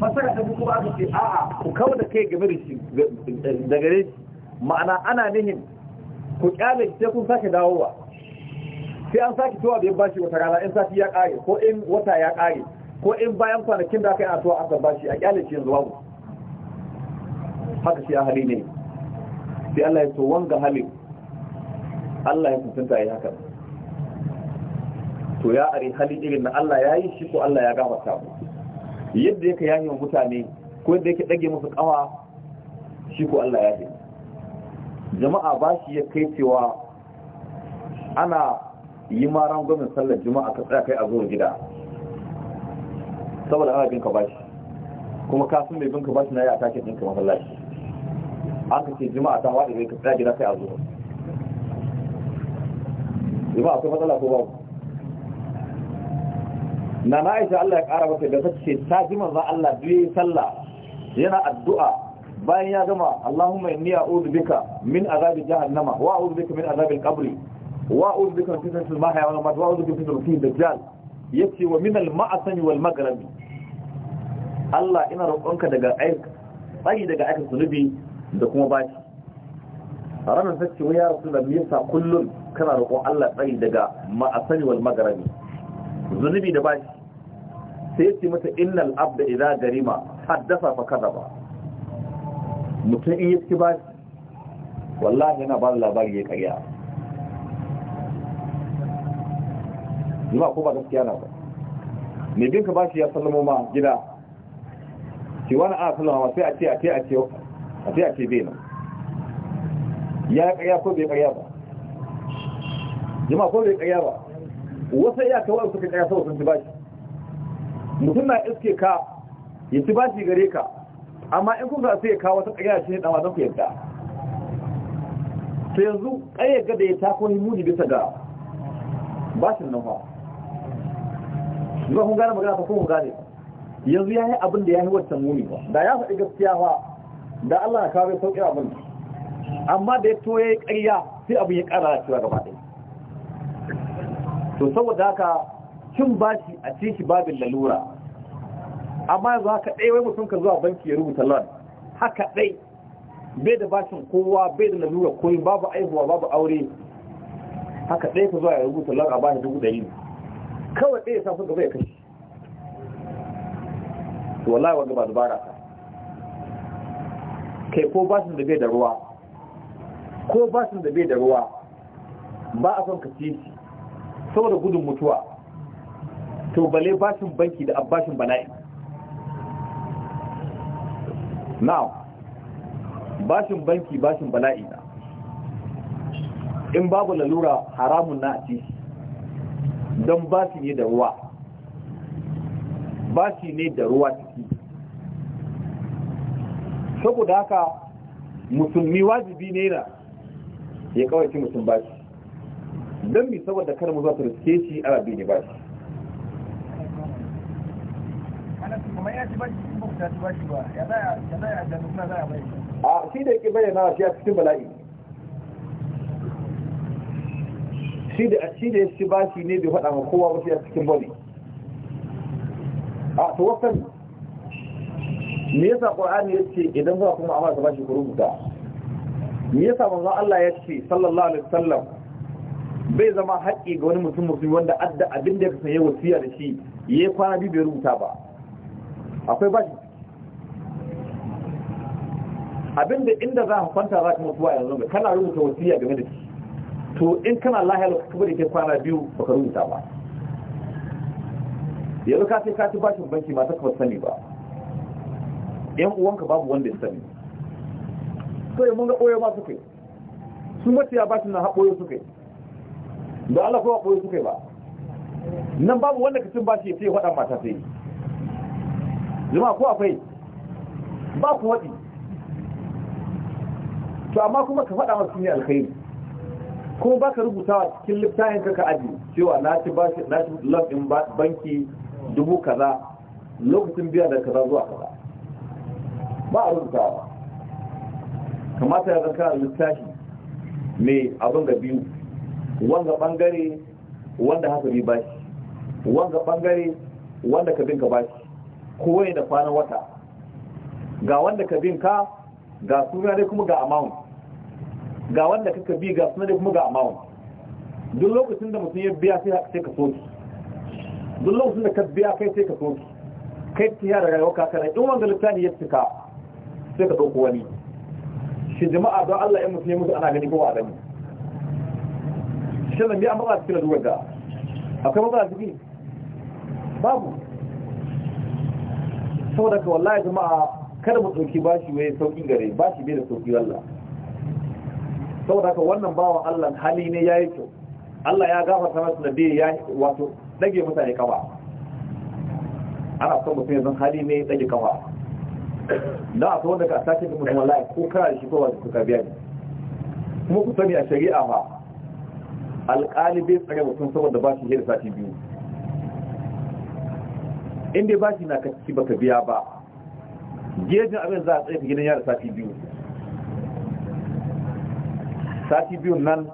fasara ta kuma aka ce a'a ku kawo da kai game da shi da gare shi ma'ana ana nihin ku kyale sai kun sake dawowa sai an sake towa bai bashi wata rana in sati ya kare ko in wata ya kare ko in bayan kwanakin da aka yi a towa aka bashi a kyale shi yanzu babu haka shi a hali ne sai Allah ya so wanga halin Allah ya kusanta ya yi haka to ya ari hali irin na Allah ya yi shi ko Allah ya gafarta mu yadda yake yahi wa mutane ko yadda yake dage musu kawa shi ko Allah ya jama'a ba shi ya kai cewa ana yi maran gwamnan sallar juma'a ka tsaya kai a zuwa gida saboda ana binka bashi kuma kasu mai binka bashi na yi a takin binka masallaci an ka ce juma'a ta waɗe ka tsaya gida kai a zuwa juma'a akwai matsala ko babu na na aisha Allah ya kara mata da ta ce ta ji manzon Allah biyu sallah yana addu'a bayan ya gama Allahumma inni a'udhu bika min azabi jahannama wa a'udhu bika min azabi al-qabr wa a'udhu bika min fitnatil mahya wal mamat wa a'udhu bika min fitnatil dajjal yace wa min al-ma'sam wal maghrib Allah ina roƙonka daga aik tsari daga aikin zunubi da kuma bashi ranar ta ce wa ya rasu da yasa kullum kana roƙon Allah tsari daga ma'asani wal maghrib zunubi da bashi sai yake ce mata innal abda idza garima haddasa fa kadaba mutum in yake ba wallahi yana ba da labari ya karya jima ko ba gaskiya na ba Me bin ka bashi ya sallamo ma gida ki wani a sallama ma sai a ce a ce a ce a ce a ce bai nan ya karya ko bai karya ba jima ko bai karya ba wasu iya kawai suka karya sau sun ci bashi mutum na iske ka ya ci bashi gare ka amma in kuka sai ya kawo wata ƙarya shi ne ɗan wasan ku yadda to yanzu ƙarya ga da ya tako muni bisa ga bashin nan fa zuwa kun gane magana ta kuma gane yanzu ya yi abin da ya yi wancan muni ba da ya faɗi gaskiya ba da Allah na kawo sauƙi abin amma da ya to ya yi ƙarya sai abin ya ƙara cewa gaba ɗaya to saboda haka cin bashi a ce shi babin lalura amma yanzu haka ɗaya wai mutum ka zuwa banki ya rubuta loan haka ɗai bai da bashin kowa bai da lalura koyi babu aihuwa babu aure haka ɗaya ka zuwa ya rubuta loan a bashi dubu ɗari kawai ɗaya sa suka zai kashi wallahi wanda ba dubara ka. kai ko bashin da bai da ruwa ko bashin da bai da ruwa ba a son ka ci saboda gudun mutuwa to bale bashin banki da abbashin bala'i now bashin banki bashin bala'i na in babu lalura haramun na a ci don bashi ne da ruwa bashi ne da ruwa ciki saboda haka musulmi wajibi ne na ya ci mutum bashi don mi saboda kar mu za su riske shi arabi ne bashi a shi da yake bayyana shi a cikin bala'i shi da shi da shi ba shi ne bai faɗa ma kowa ba shi a cikin bane a to wasan me yasa ya ce idan ba kuma amma ka bashi rubuta me yasa manzo Allah ya ce sallallahu alaihi sallam? bai zama haƙƙi ga wani mutum musulmi wanda adda abin da ya kasance wasiya da shi yayi kwana biyu bai rubuta ba akwai bashi abinda inda za a kwanta za ka mutuwa yanzu ga kana rubuta wasiya game da shi to in kana lahiyar ka kuma da ke kwana biyu ba ka rubuta ba yanzu ka sai ka ci bashin banki ma ta kawar sani ba yan uwanka babu wanda ya sani to yi mun ga ɓoye ma suka yi sun maciya bashin na haɓoye suka yi da Allah kowa ɓoye suka yi ba nan babu wanda ka cin bashi ya ce faɗa mata sai yi Zuma ko akwai ba ku waɗi to amma kuma ka faɗa masu ne alkhairi kuma ba ka rubuta cikin littafin ka ka aji cewa na ci love din banki dubu kaza lokacin biya da kaza zuwa kaza ba a rubuta ba kamata ya a littafi me abin ga biyu wanga bangare wanda haka bi bashi wanga bangare wanda ka binka bashi kowai da kwanan wata ga wanda ka bin ka ga suna dai kuma ga amount ga wanda kaka bi ga suna dai kuma ga amount duk lokacin da mutum ya biya sai ka ki. duk lokacin da ka biya kai sai ka ki. kai ta yara rayuwa kakana in wanda littafi ya cika sai ka ɗauko wani shi jama'a don Allah in mutum ya mutu ana gani ko a gani shi ne an ba ba cikin da duwar da akwai matsala ciki babu saboda ka wallahi jama'a kada mu dauki bashi wai saukin gare bashi bai da sauki wallahi saboda ka wannan bawan Allah hali ne yayi kyau Allah ya gafarta masa da bai ya wato dage mutane kafa ana son mutum ya zan hali ne dage kafa da a wanda ka sake da mutum wallahi ko ka shi ko wasu ka biya ne kuma ku sani a shari'a ma alƙali bai tsare mutum saboda ba shi da sati biyu inda ba shi na kaciki baka biya ba gejin abin za a tsaye gidan yara sati biyu sati biyu nan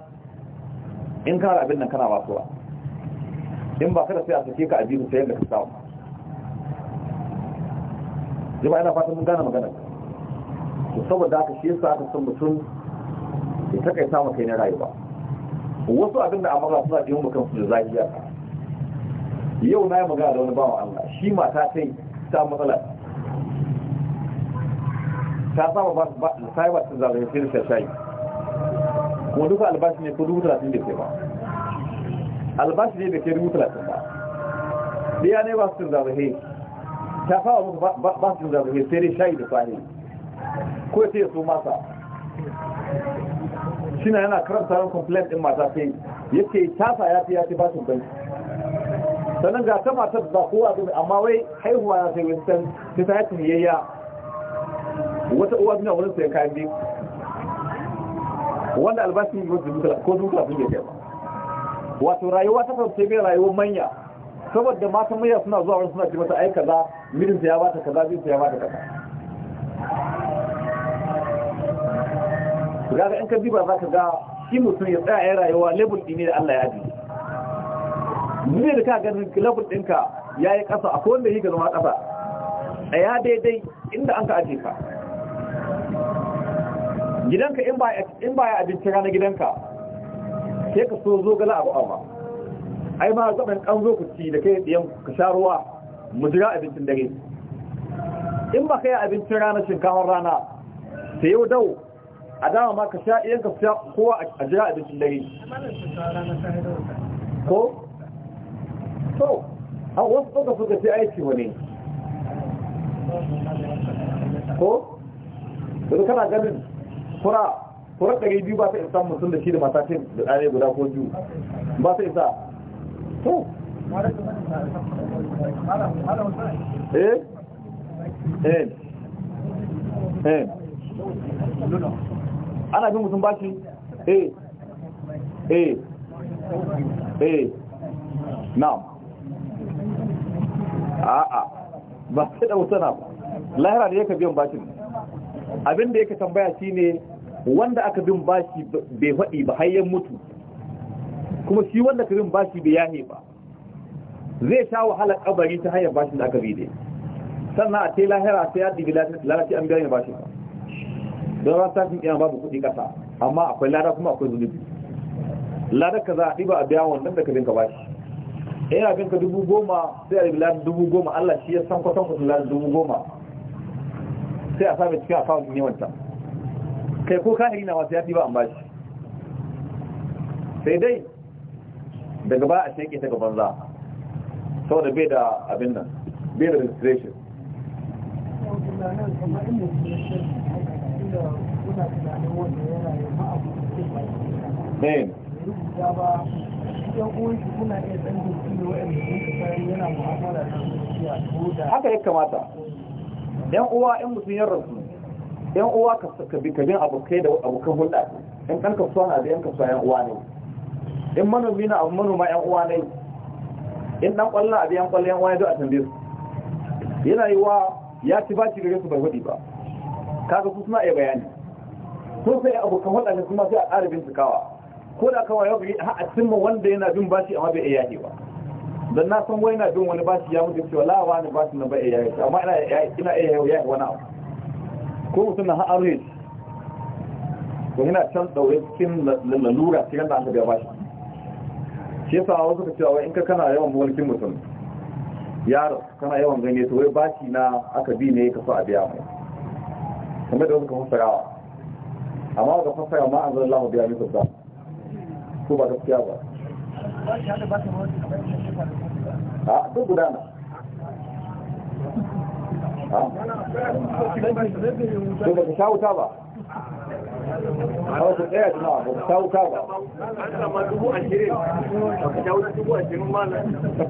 in kana abin nan kana wasuwa in ba kada sai a sake ka abin sai yadda ka samu jama'a ina fatan mun gane magana ku saboda haka shi yasa aka san mutum ya ta kai samu kai na rayuwa wasu abin da mara suna jiyon mukan su da zahiyar. yau na yi magana da wani bawan Allah shi mata ta yi ta matsala ta sama ba ta yi ba ta zagaye sai da shayi kuma duka albashi ne ko dubu talatin da ke ba albashi ne da ke dubu talatin ba ɗaya ne ba su zagaye ta fara musu ba su zagaye sai dai shayi da sahi ko sai ya so masa shi na yana karanta ran complaint ɗin mata ta yi yake tasa ya fi ya fi bashin banki sannan ga ta matar da kowa ta amma wai haihuwa ya sai winston ta ta yakin yayya wata uwa suna wurin sayan kayan biyu wanda albashi yi wasu ko zuwa sun yake ba wato rayuwa ta sai mai rayuwar manya saboda matan manya suna zuwa wani suna ce mata ai kaza mijinta ya bata kaza mijinta ya bata kaza Gaga in ka ziba za ka ga shi mutum ya tsaya ya rayuwa label ɗine da Allah ya ajiye ne da ka ganin level ɗinka ya yi ƙasa akwai wanda yi gano ma ƙasa a ya daidai inda an ka aje ka gidanka in ba ya abinci rana gidanka sai ka so zo gala abu amma ai ma zaɓen kan zo ku ci da kai biyan ka sha ruwa mu jira abincin dare in ba ka yi abincin rana shinkawar rana sai yau dau a dama ma ka sha iya ka sha kowa a jira abincin dare ko to a wasu da suka ce aiki wani ko da kana ganin kura kura ɗari biyu ba ta isa mutum da shi da mata ce da ɗare guda ko biyu ba ta isa to eh eh eh ana bin mutum bashi eh eh eh na'am a'a ba sai da wasana ba lahira ne yake biyan bashin abin da yake tambaya shine wanda aka bin bashi bai faɗi ba hayan mutu kuma shi wanda ka bin bashi bai yahe ba zai sha wahala kabari ta hanyar bashin da aka bi dai sannan a ce lahira sai ya dibi lalace an biya ne bashin ba don ran tashin iya babu kuɗi ƙasa amma akwai lada kuma akwai zunubi lada ka za a ɗiba a biya wannan da ka bin ka bashi yana eh, bin dubu goma sai a yi ladin dubu goma Allah shi ya san kwatan kwatan ladin dubu goma sai a sami cikin akawun ne wanta kai ko kahiri na wasu ya fi ba an bashi sai dai daga ba a sheke ta gaban za saboda bai da abin nan bai da registration ne rubuta ba yan uwan shi kuna iya san da shi ne wa'anda sun ka yana mu'amala da zuciya haka ya kamata yan uwa in mutum ya rasu yan uwa ka bi kabin abokai da abokan hulɗa yan ɗan kasuwa na da yan kasuwa yan uwa ne in manomi na abu manoma yan uwa ne ɗan dan kwallon abu yan ƙwallon yan uwa ne duk a tambayar. su yana yi wa ya ci baci gare su bai hudi ba kaga su suna iya bayani so sai abokan hulɗa ne kuma sai a ƙara bincikawa ko da kawai yau har a cimma wanda yana bin bashi amma bai iya ba dan na san wai na bin wani bashi ya mutu cewa lawa wani bashi na bai iya yi amma ina ina iya yau ya wani abu ko mutum na har arhe ko yana can daure cikin lalura cikin da aka biya bashi shi yasa wasu ka cewa in ka kana yawan mulkin mutum yaro kana yawan ganye to wai bashi na aka bi ne ka so a biya mai kamar da wasu kafin sarawa. amma ga fasara ma'azin an biya mai sabba ko ba gaskiya ba a duk gudana ko ba ba ba ta ba an dubu ashirin ta wuta dubu ashirin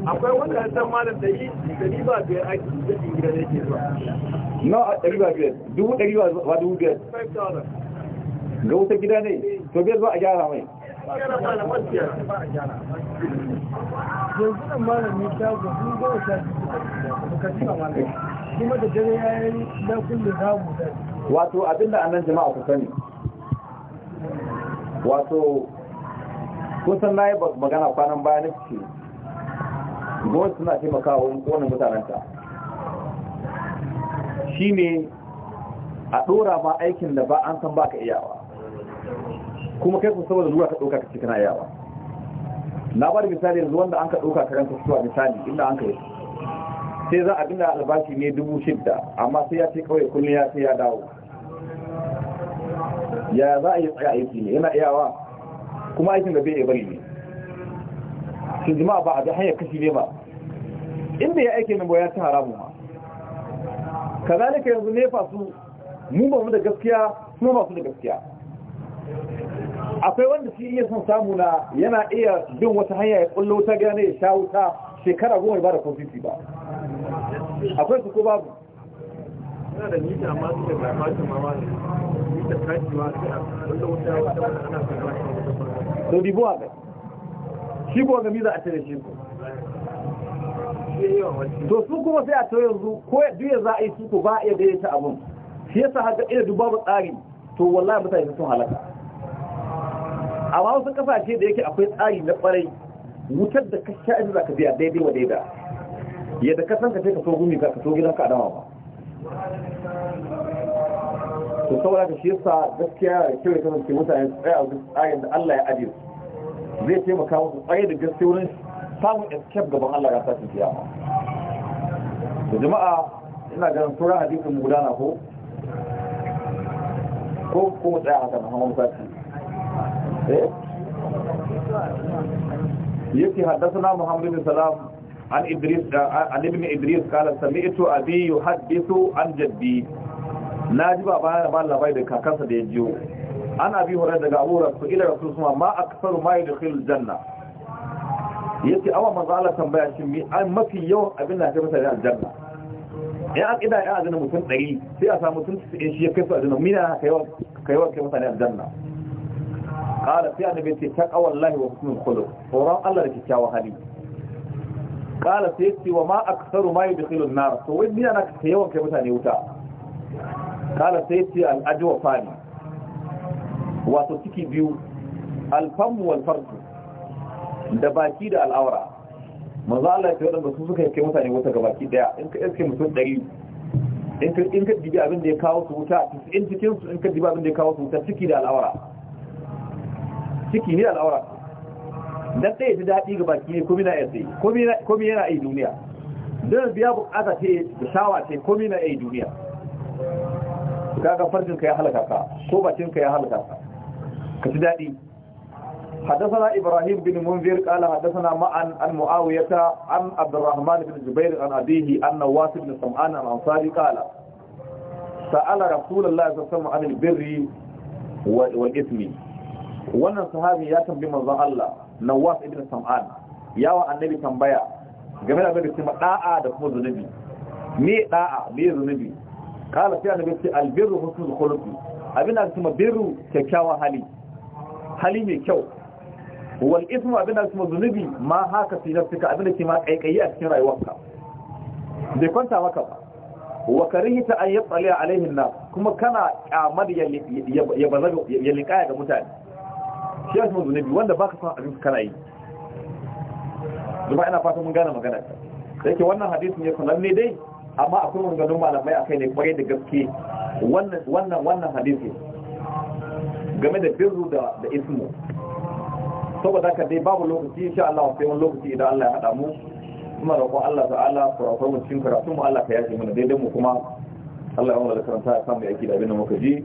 akwai wanda ya malam da yi dari ba biyar aiki da ingila da yake zuwa na dari ba biyar dubu dari ba biyar ga wuta gida ne to biyar zuwa a gyara mai yanzu nan malami ta gwabi goma sha biyu ka malami kuma da dare ya yi na kulle zamu da wato abinda annan jama'a ku sani wato kusan na yi magana kwanan baya na ce gwamnati suna taimakawa wani mutanen ta. shi ne a ɗora ma aikin da ba an san baka iyawa kuma kai ku saboda ruwa ka ɗauka ka ce ayawa yawa na bari misali yanzu wanda an ka ɗauka ranta suwa misali inda an ka yi sai za a gina albashi ne dubu shidda amma sai ya ce kawai kullum ya sai ya dawo ya za a yi tsaya aiki ne yana iyawa kuma aikin da bai bari ne su jima'a ba a da hanyar kashi ne ba inda ya aiki nan ba ya ci haramu ma kazalika yanzu nefa su mu ba mu da gaskiya su ba su da gaskiya akwai wanda shi iya son samu na yana iya bin wata hanya ya kullo ta gane ya sha wuta shekara goma ba da kwamfiti ba akwai su ko babu suna da mita amma su da gafashin mama ne nita kajiwa sai a kullo wuta wata wata ana gafashin wata ba to dibuwa ga shi ko gami a cire shi ko to su kuma sai a to yanzu ko duk za a yi su ko ba a iya daidaita abun shi yasa haka ina dubabu tsari to wallahi mutane sun halaka a wasu kasashe da yake akwai tsari na kwarai wutar da kashe sha za ka biya daidai wa daida yadda ka san ka ka so gumi ka so gidan ka adama ba to saboda ka shi yasa gaskiya da kyau ya kasance mutane su tsaya a tsarin da Allah ya ajiye zai taimaka musu tsaye da gaske wurin samun escape gaban Allah ya sashi kiyama da jama'a ina ganin tura hadisin mu gudana ko ko kuma tsaya haka na hamam sashi yake haddasa Muhammad bin Salam an Idris an ibn Idris kala sami'tu abi yuhaddithu an jaddi naji baba na ba labai da kakansa da ya jiyo an abi horar daga Abu Rasul ila Rasul kuma ma aksaru ma yadkhulul janna yace awa manzo Allah tambaya shin an mafi yawan abin da ta masa da aljanna ya an ida ya mutum ɗari, sai a samu mutum 90 shi ya kai su aljanna mina ka yawan kai yawan kai mutane kala sai annabi ce taqa wallahi wa kun kullu tsoron Allah da kikkiawa hali kala sai ce wa ma aktharu ma yadkhilu an-nar to wai me yana kai yawan kai mutane wuta kala sai ce al-ajwa fani wato tiki biyu al-fam wal fard da baki da al-awra manzo Allah ya tsoron su suka kai mutane wuta ga baki daya in ka iske mutum 100 in ka dibi abin da ya kawo su wuta 90 cikin su in ka dibi abin da ya kawo su wuta ciki da al'awara ciki ne al'aura dan sai ji daɗi ga baki ne komai na yasi komai yana yi duniya don biya bukata ce da shawa ce komai na yi duniya kaga farjin ka ya halaka ka ko bakin ka ya halaka ka ka ji daɗi حدثنا إبراهيم بن منذر قال حدثنا معا عن معاوية عن عبد الرحمن بن جبير عن أبيه أن نواس بن سمعان عن قال سأل رسول الله صلى الله عليه وسلم عن البر والإثم wannan sahabi ya tambayi manzo Allah Nawas ibn Sam'an yawa annabi tambaya game da abin da da'a da kuma zunubi me da'a me zunubi kala sai annabi ce albirru husnul khuluqi abin da kuma birru kyakkyawan hali hali mai kyau wal ismu abin da kuma zunubi ma haka fi nafsika abin da ke ma kaikayi a cikin rayuwarka bai kwanta maka ba wa karihita an yatsali alaihin nas kuma kana kyamar ya ya linkaya ga mutane shi ya zunubi wanda baka san abin kana yi zuba ina fata mun gane magana da yake wannan hadisin ya sanar ne dai amma akwai maganganun malamai a kai ne kwarai da gaske wannan wannan wannan game da birru da ismu saboda ka dai babu lokaci insha Allah sai wani lokaci idan Allah ya hada mu kuma roƙon Allah ta'ala fara mu cikin karatu mu Allah ka yaje mana daidai mu kuma Allah ya wanda karanta ya samu yaki da abin da muka ji